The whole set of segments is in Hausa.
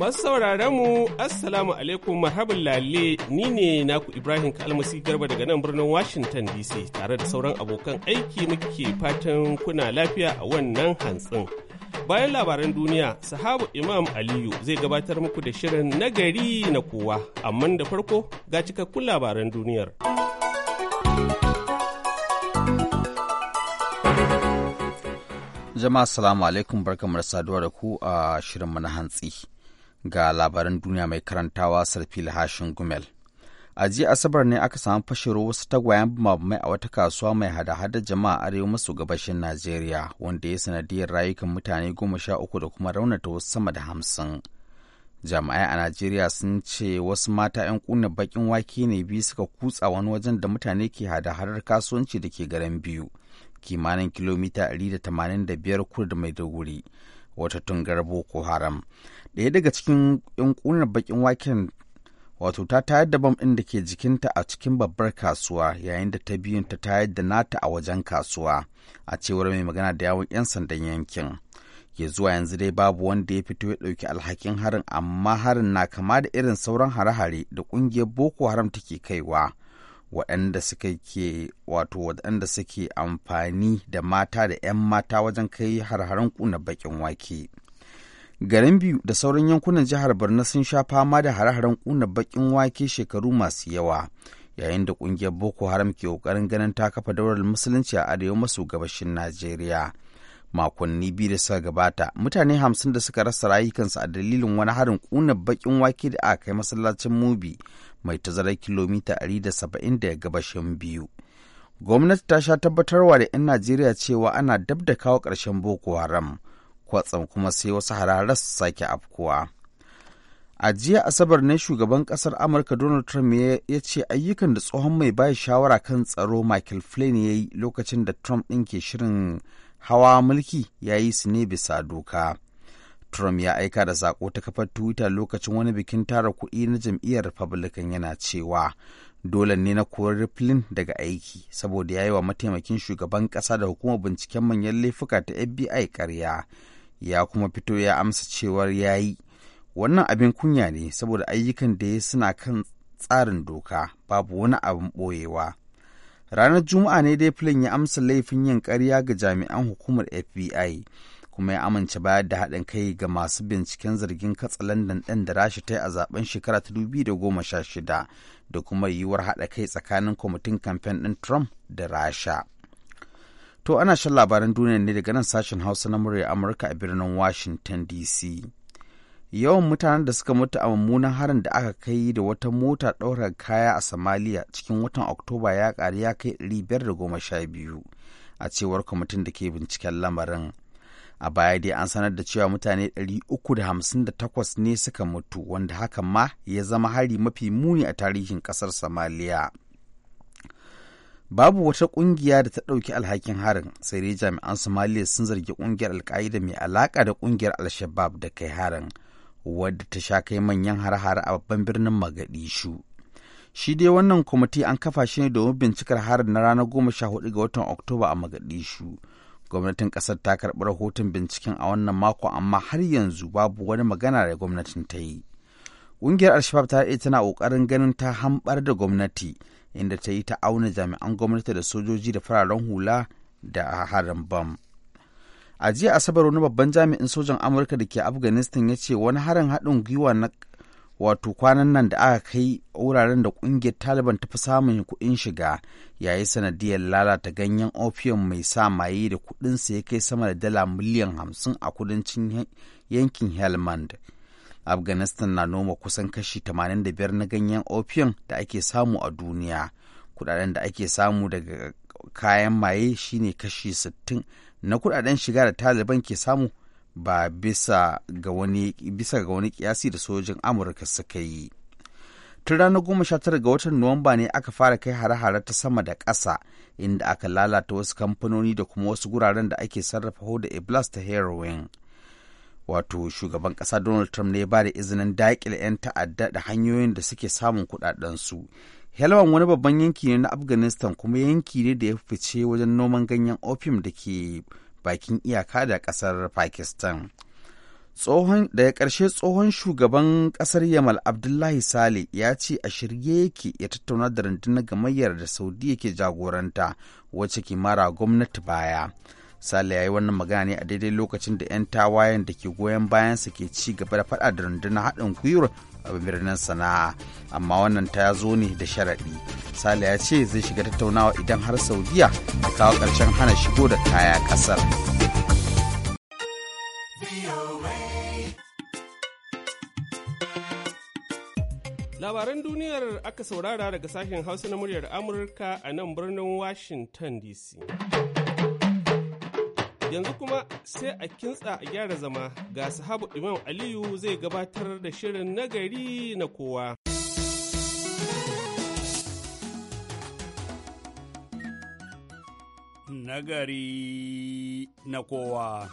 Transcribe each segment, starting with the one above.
Masu sauraron mu Assalamu alaikum marhaban lalle ni ne naku Ibrahim Kalmasi Garba daga nan birnin Washington DC tare da sauran abokan aiki muke fatan kuna lafiya a wannan hantsin. Bayan labaran duniya, sahabu Imam Aliyu zai gabatar muku da shirin nagari na kowa, amma da farko ga cikakkun labaran duniyar. Jama'a salamu alaikum barkamu da saduwa da ku a shirin na hantsi. ga labaran duniya mai karantawa sarfil hashin gumel a jiya asabar ne aka samu fashewar wasu tagwayen mai a wata kasuwa mai hada-hada jama'a arewa maso gabashin najeriya wanda ya sanadiyar rayukan mutane goma sha uku da kuma raunata wasu sama da hamsin jami'ai a najeriya sun ce wasu mata 'yan kuna bakin wake ne biyu suka kutsa wani wajen da mutane ke hada-hadar kasuwanci da ke garin biyu kimanin kilomita 185 kudu da maiduguri wata tungar boko haram ɗaya daga cikin yan ƙunar bakin waken wato ta tayar da bam ɗin da ke jikinta a cikin babbar kasuwa yayin da ta biyun ta tayar da nata a wajen kasuwa a cewar mai magana da yawon 'yan sandan yankin ya zuwa yanzu dai babu wanda ya fito ya ɗauki alhakin harin amma harin na kama da irin sauran hare-hare da ƙungiyar boko haram take kaiwa waɗanda suka ke wato waɗanda suke amfani da mata da 'yan mata wajen kai har-haren ƙuna baƙin wake. Garin biyu da sauran yankunan jihar Borno sun sha fama da hare-haren ƙuna baƙin wake shekaru masu yawa, yayin da kungiyar Boko Haram ke ƙoƙarin ganin ta kafa daular musulunci a arewa maso gabashin Najeriya. Makonni biyu da suka gabata, mutane hamsin da suka rasa rayukansu a dalilin wani harin kuna bakin wake da aka kai masallacin Mubi mai tazarar kilomita 170 daga gabashin biyu. gwamnati ta sha tabbatarwa da 'yan najeriya cewa ana dab kawo ƙarshen boko haram kwatsam kuma sai wasu hararar sake afkuwa. A jiya Asabar ne shugaban kasar Amurka Donald Trump ya ce ayyukan da tsohon mai bayi shawara kan tsaro Michael Flynn ya yi lokacin da Trump ɗin ke shirin hawa mulki ya yi su ne bisa doka. Trump ya aika da saƙo ta kafar Twitter lokacin wani bikin tara kuɗi na jam'iyyar Republican yana cewa dole ne na kori Flynn daga aiki saboda ya yi wa mataimakin shugaban ƙasa da hukumar binciken manyan laifuka ta FBI karya. ya kuma fito ya amsa cewar ya yi wannan abin kunya ne saboda ayyukan da ya suna kan tsarin doka babu wani abin boyewa ranar juma'a ne dai filin ya amsa laifin yin ƙarya ga jami'an hukumar fbi kuma ya amince bayar da haɗin kai ga masu binciken zargin katsalandan ɗin da rashi ta yi a zaben shekara ta 2016 da kuma yiwuwar haɗa kai tsakanin kwamitin kamfen ɗin trump da rasha To ana shan labaran duniya ne daga nan sashen Hausa na murya Amurka a birnin Washington DC. Yawan mutanen da suka mutu a mummunan harin da aka kai da wata mota ɗaura kaya a Somalia cikin watan Oktoba ya ƙari ya kai biyar da sha ɗari biyu a cewar kwamitin da ke binciken lamarin. A baya dai an sanar da cewa mutane ɗari uku da da takwas ne suka mutu wanda hakan ma ya zama hari mafi muni a tarihin ƙasar Somalia. babu wata kungiya da ta ɗauki alhakin harin sai dai jami'an somaliya sun zargi kungiyar alka'ida mai alaka da kungiyar alshabab da kai harin wadda ta sha kai manyan har-hare a babban birnin magadishu shi dai wannan kwamiti an kafa shi ne domin bincikar harin na ranar goma sha hudu ga watan oktoba a magadishu gwamnatin kasar ta karbi rahoton binciken a wannan mako amma har yanzu babu wani magana da gwamnatin ta yi ƙungiyar alshabab ta ta tana ƙoƙarin ganin ta hambar da gwamnati inda ta yi ta auna jami'an gwamnati da sojoji da fararen hula da harin bam. A jiya Asabar wani babban jami'in sojan Amurka da ke Afghanistan ya ce wani harin haɗin gwiwa na wato kwanan nan da aka kai wuraren da ƙungiyar Taliban ta fi samun kuɗin shiga yayi sanadiyar lalata ganyen opium mai sa maye da kuɗinsa ya kai sama da dala miliyan hamsin a kudancin yankin Helmand. afghanistan na noma kusan kashi 85 na ganyen opium da ake samu a duniya kudaden da ake samu daga kayan maye shine kashi 60 na kudaden shiga da taliban ke samu ba bisa ga wani kiyasi da sojin amurka suka yi tun ranar goma sha tara ga watan nuwamba ne aka fara kai hare-hare ta sama da ƙasa inda aka lalata wasu kamfanoni da kuma wasu guraren da ake sarrafa hoda iblas ta heroin wato shugaban ƙasa donald trump ne ba da izinin daƙile 'yan ta'adda da hanyoyin da suke samun su helwan wani babban yanki ne na afghanistan kuma yanki ne da ya fice wajen noman ganyen opium da ke bakin iyaka da ƙasar pakistan tsohon daga karshe tsohon shugaban ƙasar yamal abdullahi sale ya ce a shirye yake ya tattauna da rundunar gamayyar da saudi yake jagoranta wacce ke mara gwamnati baya Sale ya yi wannan magana ne a daidai lokacin da 'yan tawayen da ke goyon bayansa ke ci gaba da faɗa da rundunar haɗin gwiwar a birnin sana'a amma wannan ta zo ne da sharaɗi sale ya ce zai shiga tattaunawa idan har saudiya ta kawo ƙarshen hana shigo da kaya ƙasar labaran duniyar aka saurara daga sashen hausa na muryar amurka a nan birnin washington dc Yanzu kuma sai a kintsa a gyara zama ga sahabu Imam Aliyu zai gabatar da shirin nagari na kowa. Nagari na kowa.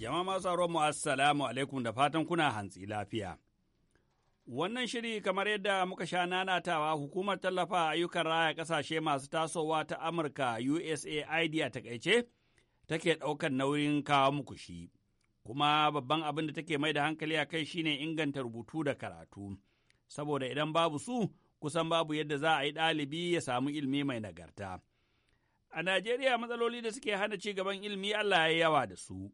Jama'a masu mu assalamu alaikum da fatan kuna hantsi lafiya. Wannan shiri kamar yadda muka sha nanatawa hukumar tallafa ayyukan raya ƙasashe masu tasowa ta Amurka USAID a takaice take ɗaukar nauyin kawo muku shi. Kuma babban abin da take mai da hankali a kai shine inganta rubutu da karatu. Saboda idan babu su, kusan babu yadda za a yi ɗalibi ya samu ilimi mai nagarta. A Najeriya matsaloli da suke hana ci gaban ilimi Allah ya yawa da su.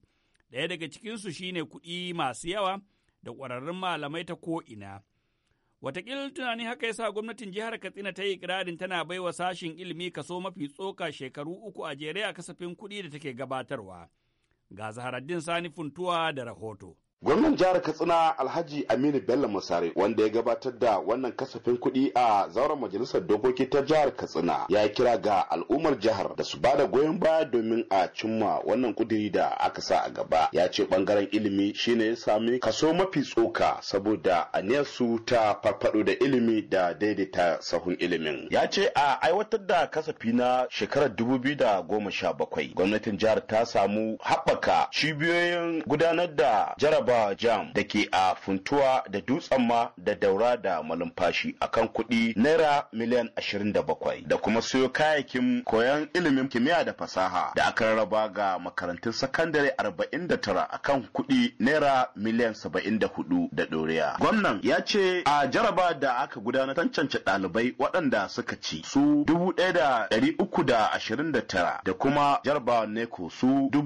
Ɗaya daga cikinsu shine kuɗi masu yawa. da ƙwararrun malamai ta ko'ina. Wataƙila tunani haka yasa gwamnatin jihar Katsina ta yi ƙirarin tana baiwa sashin ilimi kaso mafi tsoka shekaru uku a jere a kasafin kuɗi da take gabatarwa. Ga Zaharaddin Sani Funtuwa da rahoto. Gwamnan jihar Katsina Alhaji Aminu Bello Musare wanda ya gabatar da wannan kasafin kuɗi a zauren majalisar dokoki ta jihar Katsina ya kira ga al'ummar jihar da su bada goyon baya domin a cimma wannan kudiri da aka sa a gaba. Ya ce bangaren ilimi shine ya sami kaso mafi tsoka saboda aniyar su ta farfado da ilimi da daidaita sahun ilimin. Ya ce a aiwatar da kasafi na shekarar dubu biyu da goma sha bakwai gwamnatin jihar ta samu haɓaka cibiyoyin gudanar da jaraba Abba Jam da ke a Funtuwa da Dutsen ma da Daura da Malumfashi kan kuɗi naira miliyan 27 da kuma siyo kayayyakin koyon ilimin kimiyya da fasaha da aka raba ga makarantun sakandare 49 kan kuɗi naira miliyan 74 da ɗoriya. Gwamnan ya ce a jaraba da aka gudanar tantance ɗalibai waɗanda suka ci su 1,329 da kuma jaraba neko su da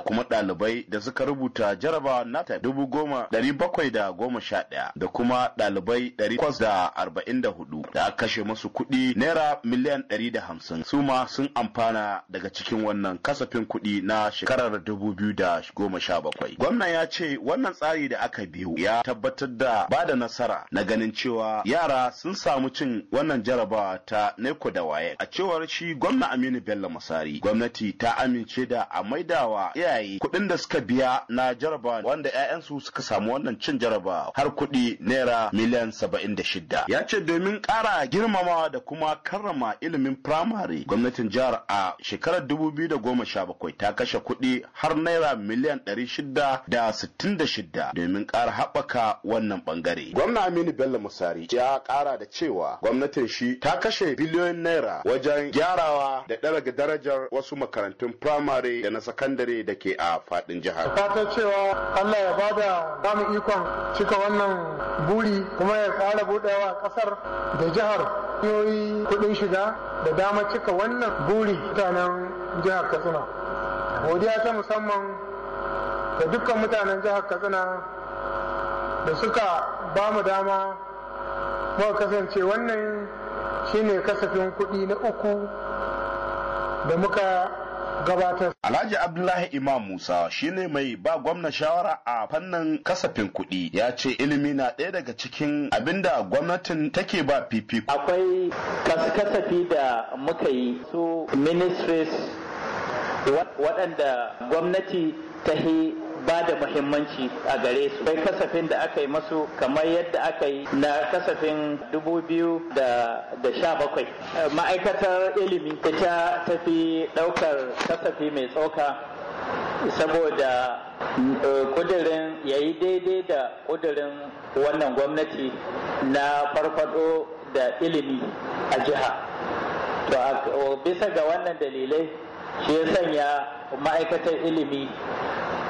kuma ɗalibai da suka rubuta jaraba nata dubu goma ɗari bakwai da goma sha ɗaya da kuma ɗalibai ɗari kwas da arba'in da hudu da aka kashe musu kuɗi naira miliyan ɗari da hamsin su ma sun amfana daga cikin wannan kasafin kuɗi na shekarar dubu biyu da goma sha bakwai. Gwamna ya ce wannan tsari da aka biyu ya tabbatar da ba da nasara na ganin cewa yara sun samu cin wannan jarabawa ta neko da waye. A cewar shi gwamna Aminu Bello Masari gwamnati ta amince da a maidawa iyaye kuɗin da suka biya na jaraba wanda 'ya'yansu suka samu wannan cin jaraba har kuɗi naira miliyan saba'in da shida. Ya ce domin ƙara girmamawa da kuma karrama ilimin firamare gwamnatin jihar a shekarar dubu biyu da goma sha bakwai ta kashe kuɗi har naira miliyan ɗari shida da sittin da shida domin ƙara haɓaka wannan ɓangare. Gwamna Aminu Bello Musari ya ƙara da cewa gwamnatin shi ta kashe biliyoyin naira wajen gyarawa da ɗaraga darajar wasu makarantun firamare da na sakandare da ke a fadin jihar. Fatan cewa Allah ya bada bamu ikon cika wannan buri kuma ya tsara buɗewa ƙasar da jihar Yoyi kuɗin shiga da dama cika wannan buri mutanen jihar Katsina. Godiya ta musamman ga dukkan mutanen jihar Katsina da suka bamu dama muka kasance wannan shine kasafin kuɗi na uku da muka gabatar. Alhaji Abdullahi Imam Musa shine mai ba gwamna shawara a fannin kasafin kuɗi ya ce ilimi na ɗaya daga cikin abinda gwamnatin take ba fifi. Akwai kasafi da muka yi su ministries waɗanda gwamnati ta yi ba da muhimmanci a gare su kai kasafin da aka yi masu kamar yadda aka yi na kasafin 2017 eh, ma'aikatar ilimi ta tafi daukar kasafi mai tsoka saboda kudirin eh, ya yi daidai da kudirin wannan gwamnati na farfado da ilimi a jiha to bisa ga wannan dalilai shi ya sanya ma'aikatar ilimi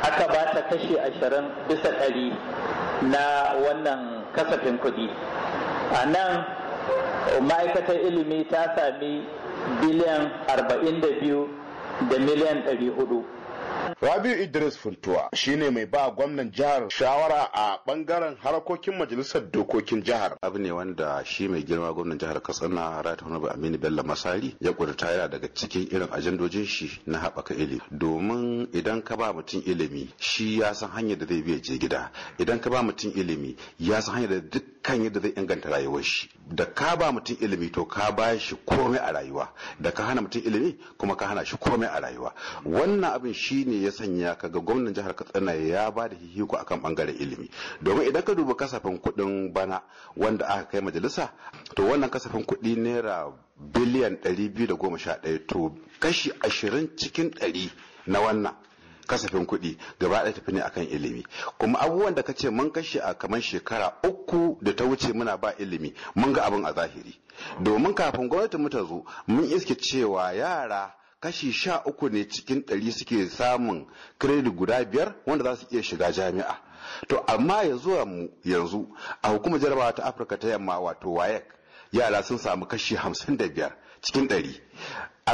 aka ba ta kashi ashirin bisa ɗari na wannan kasafin kuɗi a nan ma'aikatar ilimi ta sami biliyan arba'in da biyu da miliyan ɗari hudu Rabiu Idris Funtuwa shine mai ba gwamnan jihar shawara a bangaren harkokin majalisar dokokin jihar. Abu ne wanda shi mai girma gwamnan jihar Katsina Rata Honorable Aminu Bello Masari ya kudurta yana daga cikin irin ajandojin shi na haɓaka ilimi. Domin idan ka ba mutum ilimi shi ya san hanyar da zai biya je gida. Idan ka ba mutum ilimi ya san hanyar da dukkan yadda zai inganta rayuwar shi. Da ka ba mutum ilimi to ka ba shi komai a rayuwa. Da ka hana mutum ilimi kuma ka hana shi komai a rayuwa. Wannan abin shi ne ya sanya ka ga gwamnan jihar katsina ya ba da hihiko akan bangaren ilimi domin idan ka duba kasafin kuɗin bana wanda aka kai majalisa to wannan kasafin kuɗi naira biliyan 211 to kashi 20 cikin 100 na wannan kasafin kuɗi gaba ɗaya tafi ne akan ilimi kuma abubuwan da kace mun kashe a kamar shekara uku da ta wuce muna ba ilimi mun ga abin a zahiri domin kafin gwamnati mu ta zo mun iske cewa yara kashi sha uku ne cikin ɗari suke samun kiredi guda biyar wanda za su iya shiga jami'a to amma ya zuwa mu yanzu a hukumar jarabawa ta afirka ta yamma wato wayek yara sun samu kashi hamsin da biyar cikin ɗari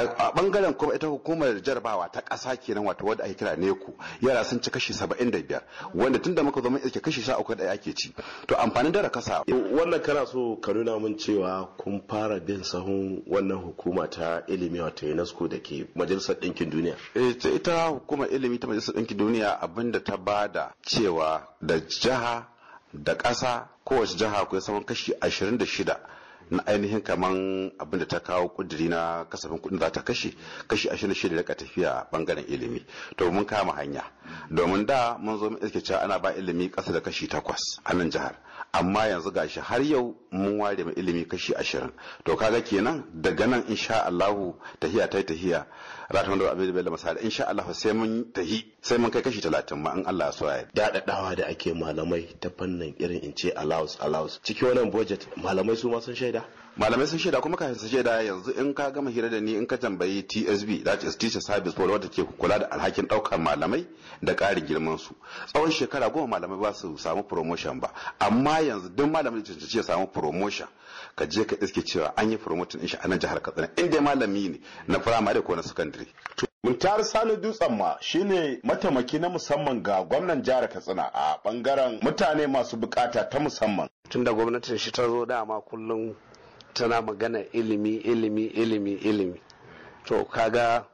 a bangaren kuma ita hukumar jarabawa ta ƙasa kenan wato wadda ake kira neku yara sun ci kashi 75 wanda tunda muka zo mun iske kashi 13 da ake ci to amfanin dara kasa wannan kana so ka nuna mun cewa kun fara bin sahun wannan hukuma ta ilimi wato UNESCO da ke majalisar ɗinkin duniya eh, ita hukumar ilimi ta majalisar ɗinkin duniya abinda ta bada cewa da jiha da ƙasa kowace jiha akwai saman kashi 26 na ainihin kaman abin da ta kawo ƙudiri na kasafin kudin za ta kashe kashi ashirin shida daga tafiya bangaren ilimi to mun kama hanya domin da mun zo mu iske cewa ana ba ilimi kasa da kashi takwas a nan jihar amma yanzu gashi har yau mun ware ilimi kashi ashirin to kaga kenan daga nan insha Allahu tahiya ta tahiya ratun da abin da bai insha Allahu sai mun tahi sai mun kai kashi talatin ma in Allah so ya dadadawa da ake malamai ta fannin irin in ce allows-allows, cikin wannan budget malamai su ma sun shaida malamai sun shaida kuma kafin su shaida yanzu in ka gama hira da ni in ka tambayi tsb that is teacher service board wadda ke kula da alhakin daukar malamai da ƙarin girman su tsawon shekara goma malamai ba su samu promotion ba amma yanzu duk malamin da samu promotion ka je ka iske cewa an yi promotion din shi a nan jihar katsina in dai malami ne na firamare ko na secondary Muntar Sani Dutsen ma shine matamaki na musamman ga gwamnan jihar Katsina a bangaren mutane masu bukata ta musamman. Tunda gwamnatin shi ta zo dama kullum tana magana ilimi ilimi ilimi ilimi to kaga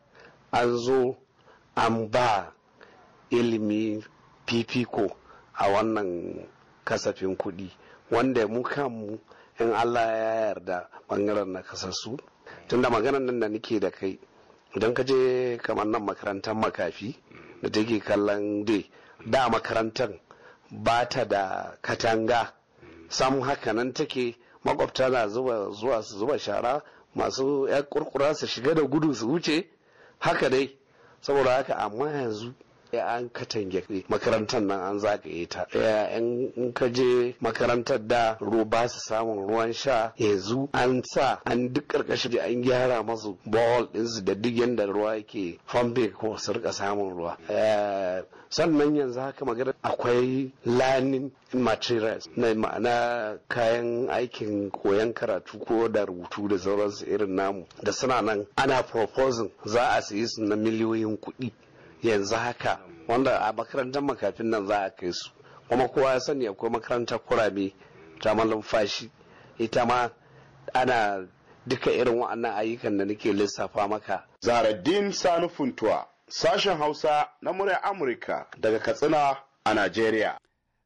an zo an ba ilimi fifiko a wannan kasafin kuɗi wanda mu kanmu in allah ya yarda bangaren na kasassu tunda maganan nan da nake da kai idan ka je kamar nan makarantar makafi da take kallon da da makarantar ba ta da katanga sam hakanan take makwabta na zuba zuwa su zuba shara masu ya kurkura su shiga da gudu su wuce haka dai saboda haka amma yanzu Ya an katange makarantar nan an zagaye ta Ya in ka je makarantar da ba su samun ruwan sha yanzu an sa an duk da an gyara masu bowl su da duk yadda ruwa yake fambe ko su rika samun ruwa eh, sannan yanzu haka magana akwai learning materials na ma'ana kayan aikin koyon karatu ko da rubutu da sauransu irin namu da suna nan ana proposing za a sayi su na miliyoyin kuɗi yanzu haka wanda a makarantar makafin nan za a kai su kuma kowa ya sani akwai makarantar kurame ta malumfashi ita ma ana duka irin wa'annan ayyukan da nake lissafa maka zaraddin sani funtuwa sashen hausa na murya amurka daga katsina a nigeria.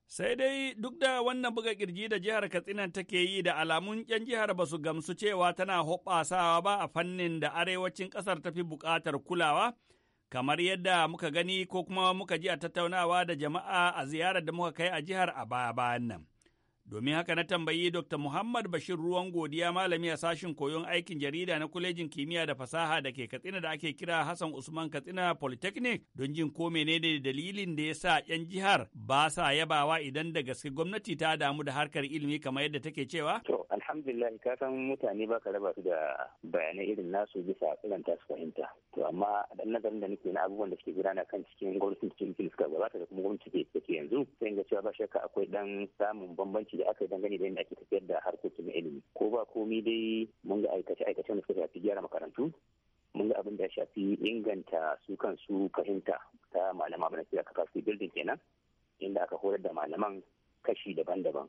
sai dai duk da wannan buga kirji da jihar katsina take yi da alamun yan jihar ba su gamsu cewa tana hoɓasawa ba a fannin da arewacin ƙasar fi buƙatar kulawa kamar yadda muka gani ko kuma muka ji a tattaunawa da jama'a a ziyarar da muka kai a jihar a baya-bayan nan. Domin haka na tambayi Dr. Muhammad Bashir Ruwan Godiya malami a sashin koyon aikin jarida na Kwalejin Kimiyya da Fasaha da ke Katsina da ake kira Hassan Usman Katsina Polytechnic don jin ko menene dalilin da ya sa 'yan jihar ba sa yabawa idan da gaske gwamnati ta damu da harkar ilimi kamar yadda take cewa? To, alhamdulillah ka san mutane ba ka raba su da bayanai irin nasu bisa irin ta su fahimta. To, amma dan nazarin da nake na abubuwan da suke gudana kan cikin gwamnatin cikin suka gabata da kuma gwamnati yanzu sai ga cewa ba shakka akwai dan samun bambanci adalci da aka yi dangane da yadda ake tafiyar da harkokin ilimi ko ba komi dai mun ga aikace aikace da suka shafi gyara makarantu mun ga abin da ya shafi inganta su kansu fahimta ta malama bana kira capacity building kenan inda aka horar da malaman kashi daban-daban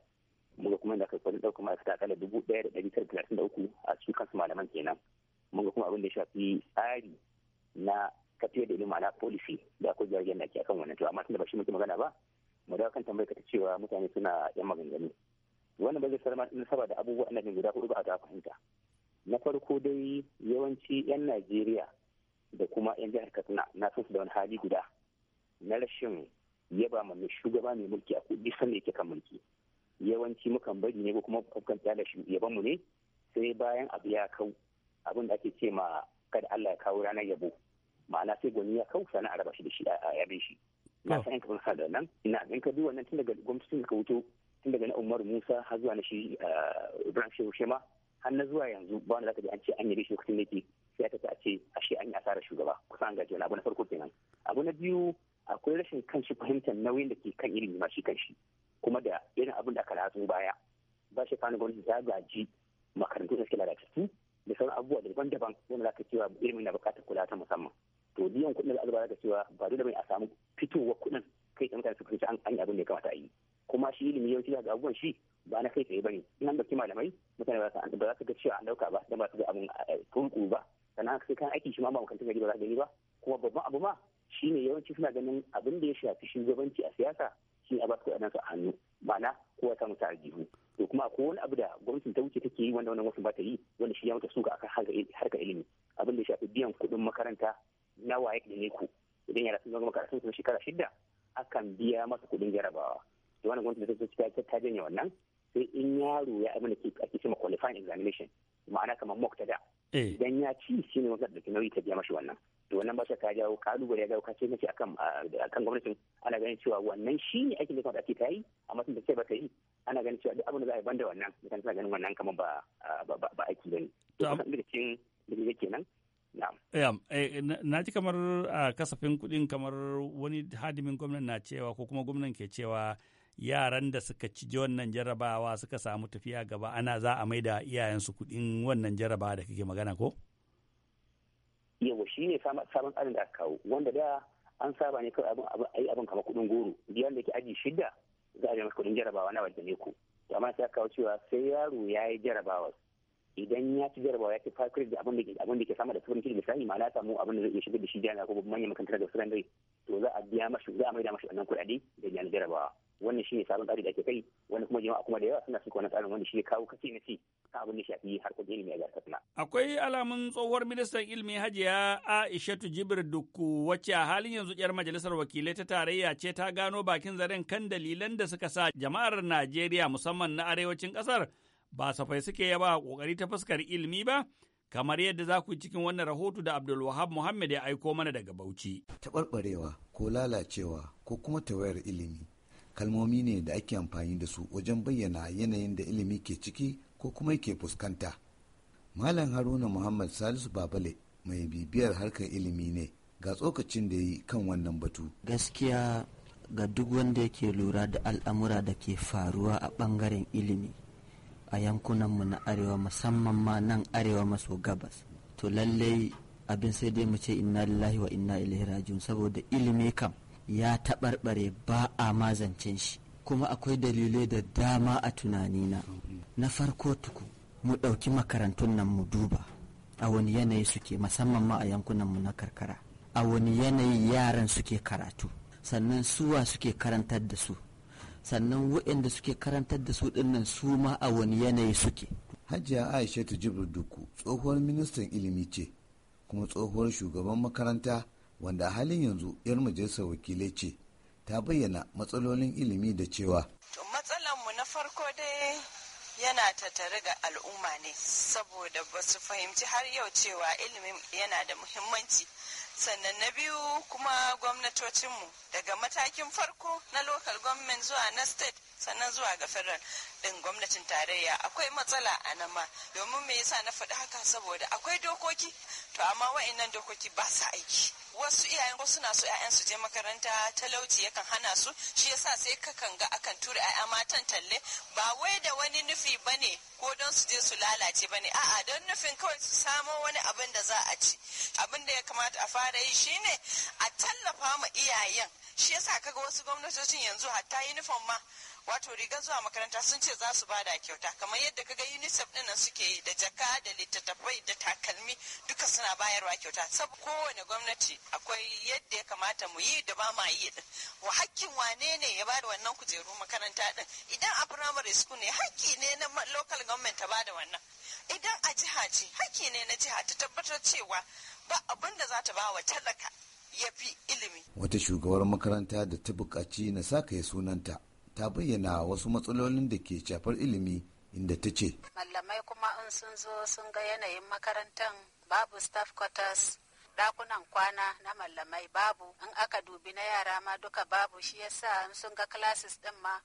mun ga kuma da aka kwanin ɗaukar ma'aikata akalla dubu ɗaya da ɗari tara talatin da uku a su kansu malaman kenan mun ga kuma abin da ya shafi tsari na tafiyar da ilimin ma'ana policy da akwai jirgin da ke akan wannan to amma tun da ba shi muke magana ba mu da kan tambayar ta cewa mutane suna yan maganganu wannan ba zai sarma nasaba da abubuwa ina guda hudu ba a fahimta na farko dai yawanci yan najeriya da kuma yan jihar katsina na san su da wani hali guda na rashin yaba ma mai shugaba mai mulki a kudi sanda yake kan mulki yawanci mukan bari ne ko kuma kan tsaya da yaban mu ne sai bayan abu ya kau abin da ake ce ma kada Allah ya kawo ranar yabo ma'ana sai gwani ya kau sana'ar a raba shi da shi a yabe shi na oh. san kamar sa da nan ina in ka duba nan tun daga gwamnatin da ka wuto tun daga na Umar Musa har zuwa na shi eh, Ibrahim Shehu Shema har na zuwa yanzu ba wanda zaka ji an ce an yi shi lokacin yake sai ta a ce a ashe an yi asarar shugaba kusan an gaji wani abu na farko kenan abu na biyu akwai rashin kanshi fahimtar nauyin da ke kan ilimi ma shi kanshi kuma da irin abin da aka ratsu baya ba shi fana gwamnati ta gaji makarantu da suke su da sauran abubuwa daban-daban wanda za cewa ilimin na bukatar kula ta musamman to biyan kuɗin da alba da cewa ba dole bane a samu fitowa kuɗin kai tsaye mutane su fahimci an yi abin da ya kamata a yi kuma shi ilimi yawanci da abubuwan shi ba na kai tsaye bane in an dauki malamai mutane ba za su ga cewa an dauka ba dan ba su ga abin turku ba sannan sai kan aiki shi ma ba makarantun gari ba za su gani ba kuma babban abu ma shi ne yawanci suna ganin abin da ya shafi shugabanci a siyasa shi a ba su kuɗaɗen su a hannu ma'ana kowa ta mutu a jihu to kuma akwai wani abu da gwamnatin ta wuce take yi wanda wannan wasu ba ta yi wanda shi ya mata suka akan harkar ilimi abin da ya shafi biyan kuɗin makaranta na waye ne ku idan ya sun zama karatun su shekara shida akan biya masa kuɗin jarabawa to wannan gwamnati ta ta ta janye wannan sai in yaro ya abin da ake cewa qualifying examination ma'ana kamar mock ta da eh. idan ya ci shi ne wanda da nauyi ta biya mashi wannan to wannan ba shi ka jawo kalubale ya jawo ka ce mace akan akan gwamnatin ana ganin cewa wannan shi ne aikin da ake ta yi amma tun da ce ba ta yi ana ganin cewa duk abin da za a yi banda wannan mutane suna ganin wannan kamar ba ba aiki bane to Eh, na ji kamar a kasafin kuɗin kamar wani hadimin gwamnan na cewa ko kuma gwamnan ke cewa yaran da suka ci wannan jarabawa suka samu tafiya gaba ana za a maida iyayensu kuɗin wannan jarabawa da kake magana ko? yawa shi ne sabon tsarin da aka kawo wanda da an saba ne kawai abin a yi abin kamar kuɗin goro biyan da ke aji shida za a yi masa kuɗin jarabawa na wajen ne ko amma sai aka kawo cewa sai yaro ya yi jarabawa idan ya ci jarabawa ya ci fakirik da abin da ke sama da turanci da ma na samu abin da zai iya shigar da shi jami'a ko manyan makarantar da sakandare to za a biya mashi za a maida mashi wannan kuɗaɗe da jami'an jarabawa wannan shine sabon tsari da ake kai wani kuma jama'a kuma da yawa suna suka wani tsarin wanda shi ne kawo kace na ci kan abin da shafi harkokin ilimi a jihar Akwai alamun tsohuwar ministan ilimi Hajiya Aishatu Jibir Dukku wacce a halin yanzu yar majalisar wakilai ta tarayya ce ta gano bakin zaren kan dalilan da suka sa jama'ar Najeriya musamman na arewacin kasar ba safai suke yaba a ƙoƙari ta fuskar ilimi ba, kamar yadda za ku cikin wannan rahoto da Abdulwahab Muhammad ya aiko mana daga Bauchi. Taɓarɓarewa ko lalacewa ko kuma tawayar ilimi kalmomi ne da ake amfani da su wajen bayyana yanayin da ilimi ke ciki ko kuma yake fuskanta. Malam Haruna Muhammad Salisu Babale mai bibiyar harkar ilimi ne ga tsokacin da yi kan wannan batu. Gaskiya ga duk wanda yake lura da al'amura da ke faruwa a ɓangaren ilimi. a yankunanmu na arewa musamman ma nan arewa maso gabas to lallai abin sai dai mu ce inna lillahi wa inna ilaihi rajiun saboda ilimi kam ya taɓarɓare ba a mazancin shi kuma akwai dalilai da dama a tunani na na farko tuku mu ɗauki makarantun nan mu duba a wani yanayi suke musamman ma a yankunanmu na karkara a wani yanayi yaran suke karatu sannan suwa suke karantar da su sannan waɗanda suke karantar da su dinnan su ma a wani yanayi suke. Hajiya Aisha ta Jibril Duku tsohuwar ministan ilimi ce kuma tsohuwar shugaban makaranta wanda a halin yanzu 'yar majalisar wakilai ce ta bayyana matsalolin ilimi da cewa. mu na farko dai yana tattare ga al'umma ne saboda ba su fahimci har yau cewa ilimin yana da muhimmanci sannan na biyu kuma gwamnatocinmu daga matakin farko na local government zuwa na state sannan zuwa ga federal din gwamnatin tarayya akwai matsala a nan ma domin me yasa na faɗi haka saboda akwai dokoki to amma wa'annan dokoki ba su aiki wasu iyayen wasu na so ƴaƴan su je makaranta talauci yakan hana su shi yasa sai kakan ga akan tura ƴaƴa matan talle ba wai da wani nufi bane ko don su je su lalace bane a'a don nufin kawai su samo wani abin da za a ci abin da ya kamata a fara yi shine a tallafa ma iyayen shi yasa kaga wasu gwamnatocin yanzu hatta uniform ma wato rigar zuwa makaranta sun ce za su bada kyauta kamar yadda ka ga unicef din suke da jaka da littattafai da takalmi duka suna bayarwa kyauta sab kowane gwamnati akwai yadda ya kamata mu yi da ba ma yi din wa hakkin wane ne ya bada wannan kujeru makaranta din idan a primary school ne hakki ne na local government ta bada wannan idan a jiha ce hakki ne na jiha ta tabbatar cewa ba abin da za ta ba wa talaka ya fi ilimi. Wata shugabar makaranta da ta buƙaci na saka ya sunanta ta bayyana wasu matsalolin da ke shafar ilimi inda ta ce. Mallamai kuma in sun zo sun ga yanayin makarantar babu staff quarters dakunan kwana na mallamai babu in aka dubi na yara ma duka babu shi yasa sun ga classes din ma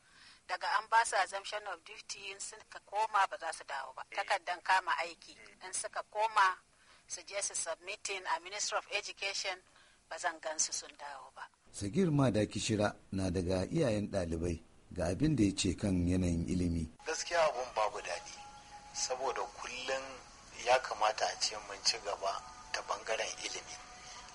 daga an ba su assumption of duty in suka koma ba za su dawo ba takardar kama aiki in suka koma su je su submitting a minister of education ba zan gansu sun dawo ba sagir ma da kishira na daga iyayen ɗalibai Da abin da ya ce kan yanayin ilimi gaskiya abun babu daɗi saboda kullum ya kamata a ce mun ci gaba ta bangaren ilimi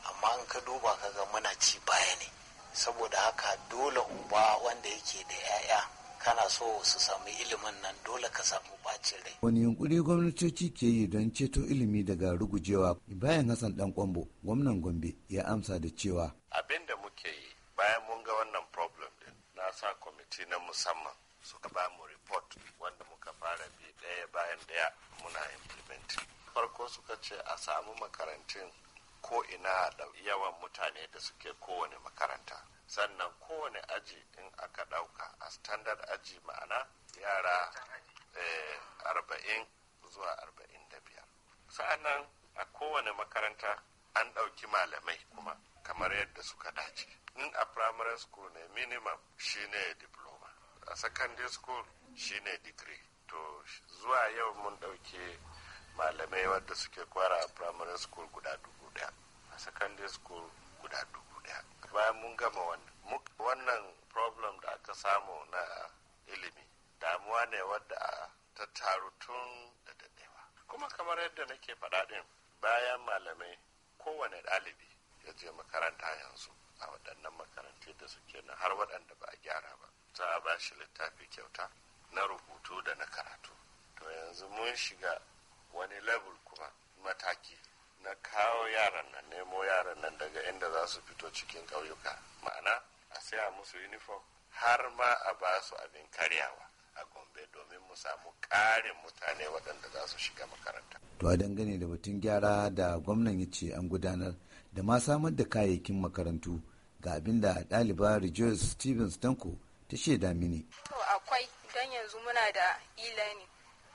amma in ka duba ka ga muna ci baya ne saboda haka dole uba wanda yake da 'ya'ya kana so su samu ilimin nan dole ka samu bacin rai. Wani yunkuri gwamnatoci ke yi don ceto ilimi daga rugujewa bayan Hassan Dan Kwambo, gwamnan Gombe ya amsa da cewa. Abin da muke yi bayan mun ga wannan problem sa kwamiti na musamman suka ba mu report wanda muka fara bi ɗaya bayan daya muna implement farko suka ce a samu makarantun ko ina da yawan mutane da suke kowane makaranta sannan kowane aji in aka ɗauka a standard aji ma'ana yara eh, arba'in zuwa arba'in da biyar sa'annan a kowane makaranta an ɗauki malamai kuma kamar yadda suka dace in a primary school ne minimum shine diploma a secondary school shine degree to zuwa yau mun ɗauke malamai wadda suke kwara a primary school guda dubu daya a secondary school guda dubu daya bayan mun gama wannan problem da aka samu na ilimi damuwa ne wadda a tattaru tun da daɗewa kuma kamar yadda nake faɗaɗin bayan malamai kowane ɗalibi ya je makaranta yanzu a waɗannan makarantu da suke nan har waɗanda ba a gyara ba za a ba shi littafi kyauta na rubutu da na karatu to yanzu mun shiga wani level kuma mataki na kawo yaran nan nemo yaran nan daga inda za su fito cikin ƙauyuka ma'ana a siya musu uniform har ma a ba su abin karyawa a gombe domin mu samu ƙarin mutane waɗanda za su shiga makaranta to a dangane da batun gyara da gwamnan ya ce an gudanar da ma samar da kayayyakin makarantu ga abin da ɗaliba Rejoice Stevens Danko ta shaida mini. To akwai don yanzu muna da e-learning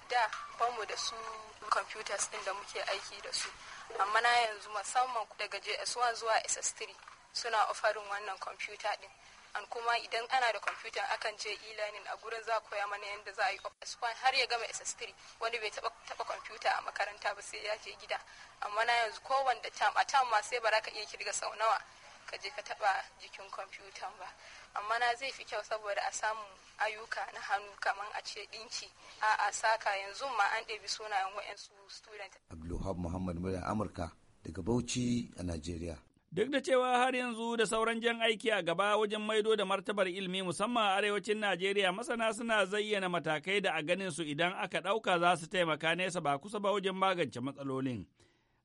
da bamu da su computers ɗin da muke aiki da su amma na yanzu musamman daga JS1 zuwa SS3 suna ofarin wannan kwamfuta ɗin an kuma idan ana da kwamfuta akan je e-learning a gurin za koya mana yadda za a yi ss har ya gama ss3 wani bai taba taba kwamfuta a makaranta ba sai ya je gida amma na yanzu ko wanda tam a tam ma sai ba za ka iya kirga sau nawa ka je ka taba jikin kwamfutan ba amma na zai fi kyau saboda a samu ayyuka na hannu kaman a ce dinki a a saka yanzu ma an ɗebi sunayen wa'yansu student abdulhab muhammad muryar amurka daga bauchi a najeriya Duk da cewa har yanzu da sauran jan aiki a gaba wajen maido da martabar ilimi musamman a arewacin Najeriya masana suna zayyana matakai da a ganin su idan aka ɗauka za su taimaka nesa ba kusa ba wajen magance matsalolin.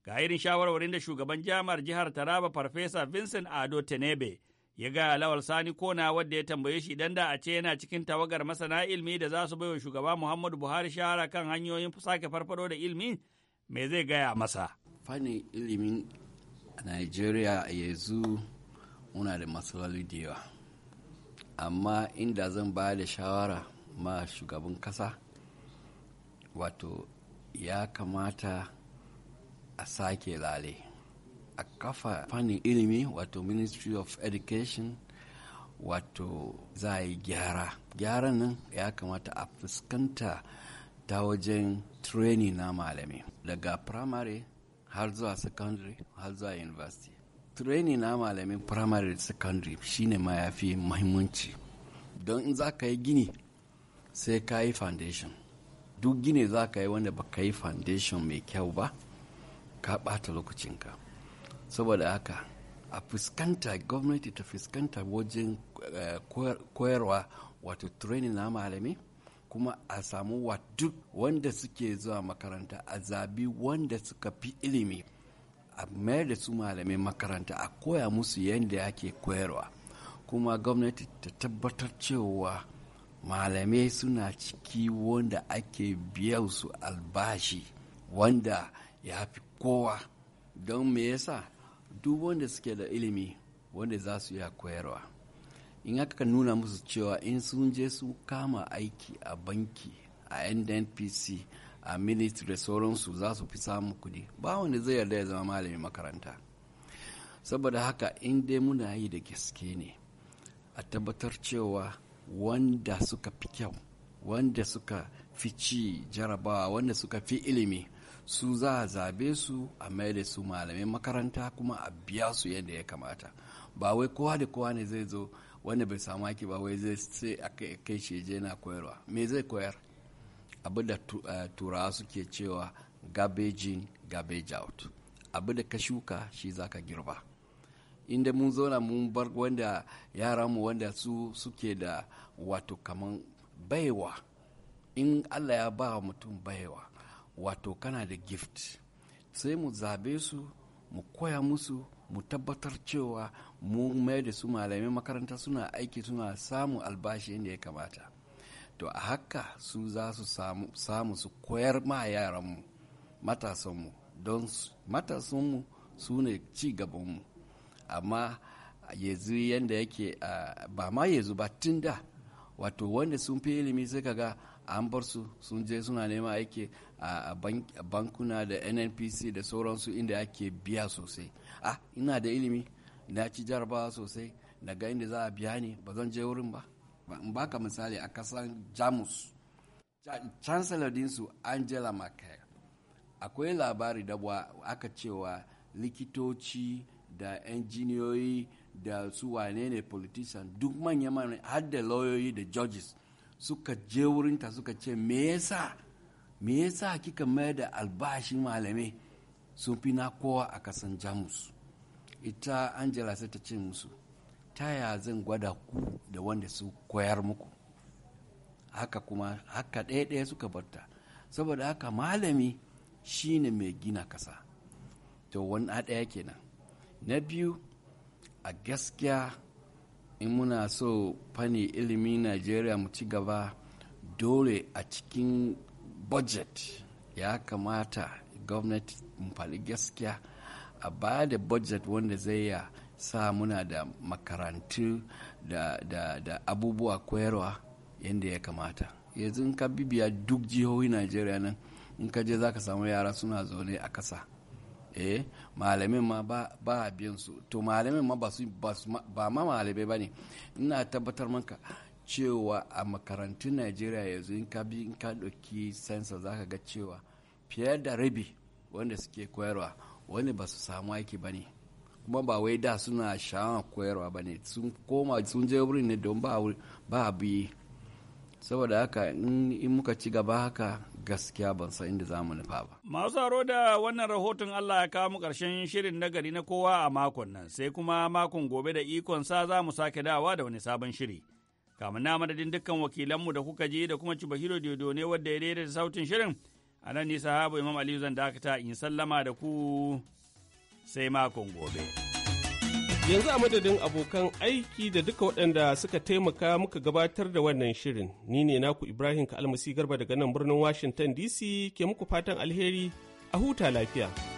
Ga irin shawarwarin da shugaban jami'ar jihar Taraba Farfesa Vincent Ado Tenebe ya ga Lawal Sani Kona wadda ya tambaye shi idan da a ce yana cikin tawagar masana ilmi da za su baiwa shugaba Muhammadu Buhari shahara kan hanyoyin sake farfado da ilimi me zai gaya masa. Fani ilimin a nigeria yanzu muna da matsaloli da yawa amma inda zan ba da shawara ma shugaban kasa wato ya kamata a sake lale a kafa fannin ilimi wato ministry of education wato za a yi gyara gyara nan ya kamata a fuskanta ta wajen training na malami daga primary har zuwa secondary har zuwa university training na malamin primary da secondary shine ma ya fi mahimmanci don in za ka yi gini sai ka yi foundation duk gini za ka yi wanda ba ka yi foundation mai kyau ba ka ɓata lokacinka saboda haka a fuskanta gwamnati ta fuskanta wajen eh, koyarwa wato training na malamin. kuma a samu wa duk wanda suke zuwa makaranta a zabi wanda suka fi ilimi a mayar da su malamai makaranta a koya musu yadda ake koyarwa kuma gwamnati ta tabbatar cewa malamai suna ciki wanda ake biyar su albashi wanda ya fi kowa don me yasa duk wanda suke da ilimi wanda za su iya koyarwa in haka aka nuna musu cewa in sun je su kama aiki a banki a ndnpc a ministry sauransu za su fi samu kudi ba wanda zai yarda ya zama malamin makaranta saboda haka in dai muna yi da gaske ne a tabbatar cewa wanda suka fi kyau wanda suka fi ci jarabawa wanda suka fi ilimi su za a zabe su a mai da su malamin makaranta kuma a biya su yadda ya kamata ba wai kowa da kowa ne zai zo wanda bai samu aiki ba wai zai sai a kai shi je na koyarwa me zai koyar abu da eh, turawa suke cewa garbage in garbage out abu da ka shuka shi za ka girba inda mun zauna mun bar wanda mu wanda su suke da wato kaman baiwa in allah ya ba mutum baiwa wato kana da gift sai mu zabe su mu koya musu mu tabbatar cewa mu mai da su malamai makaranta suna aiki suna samun albashi yadda ya kamata to a haka su za su samu su koyar ma yaranmu matasanmu don matasanmu su ne ci gabanmu amma yanzu yadda yake ba ma yanzu ba tunda wato wanda sun fi ilimi suka ga an bar su sun je suna neman aiki a bankuna da nnpc da sauransu inda ake biya sosai ah ina da ilimi na ci jarabawa sosai daga inda za a biya ni ba zan je wurin ba in baka misali a kasan jamus chancellor dinsu angela merkel akwai labari da aka cewa likitoci da injiniyoyi da su wane ne politician duk manya-manya har da lauyoyi da judges suka je wurinta suka ce me yasa me yasa kika mayar da albashin malamai sun fi na kowa a kasan jamus ita angela sai ta ce musu Ta ya zan gwada ku da wanda su koyar muku haka kuma haka ɗaya-ɗaya suka barta saboda haka malami shine mai gina kasa to wani ɗaya kenan na biyu a gaskiya in muna so fani ilimin najeriya mu ci gaba dole a cikin budget ya kamata gwamnati faɗi gaskiya a ba da budget wanda zai ya sa muna da makarantu da, da, da abubuwa koyarwa yadda ya kamata yanzu in ka bibiya duk jihohi najeriya nan in ka je za ka samu yara suna zaune a kasa eh malamin ma ba, a biyan su to malamin ma ba ma malamai ba ne ina tabbatar manka. cewa a makarantun najeriya yanzu in ka bi in ka ɗauki sensa za ka ga cewa fiye da rabi wanda suke koyarwa wani ba su samu aiki ba ne kuma ba wai da suna sha'awar koyarwa ba ne sun koma sun je wurin ne don ba biye saboda haka in muka ci gaba haka gaskiya ban san inda za mu nufa ba. Masu haro da wannan rahoton Allah ya kawo mu ƙarshen shirin nagari na kowa a makon nan sai kuma makon gobe da ikon sa za mu sake dawa da wani sabon shiri. Kamar na madadin dukkan wakilanmu da kuka je da kuma Cibahiro Dodo ne wadda ya daidaita sautin shirin. A nan nisa habu Imam Aliyu zan dakata in sallama da ku sai makon gobe. Yanzu a madadin abokan aiki da duka waɗanda suka taimaka muka gabatar da wannan shirin, ni ne naku Ibrahim Kalmasi Garba daga nan birnin Washington DC ke muku fatan alheri a huta lafiya.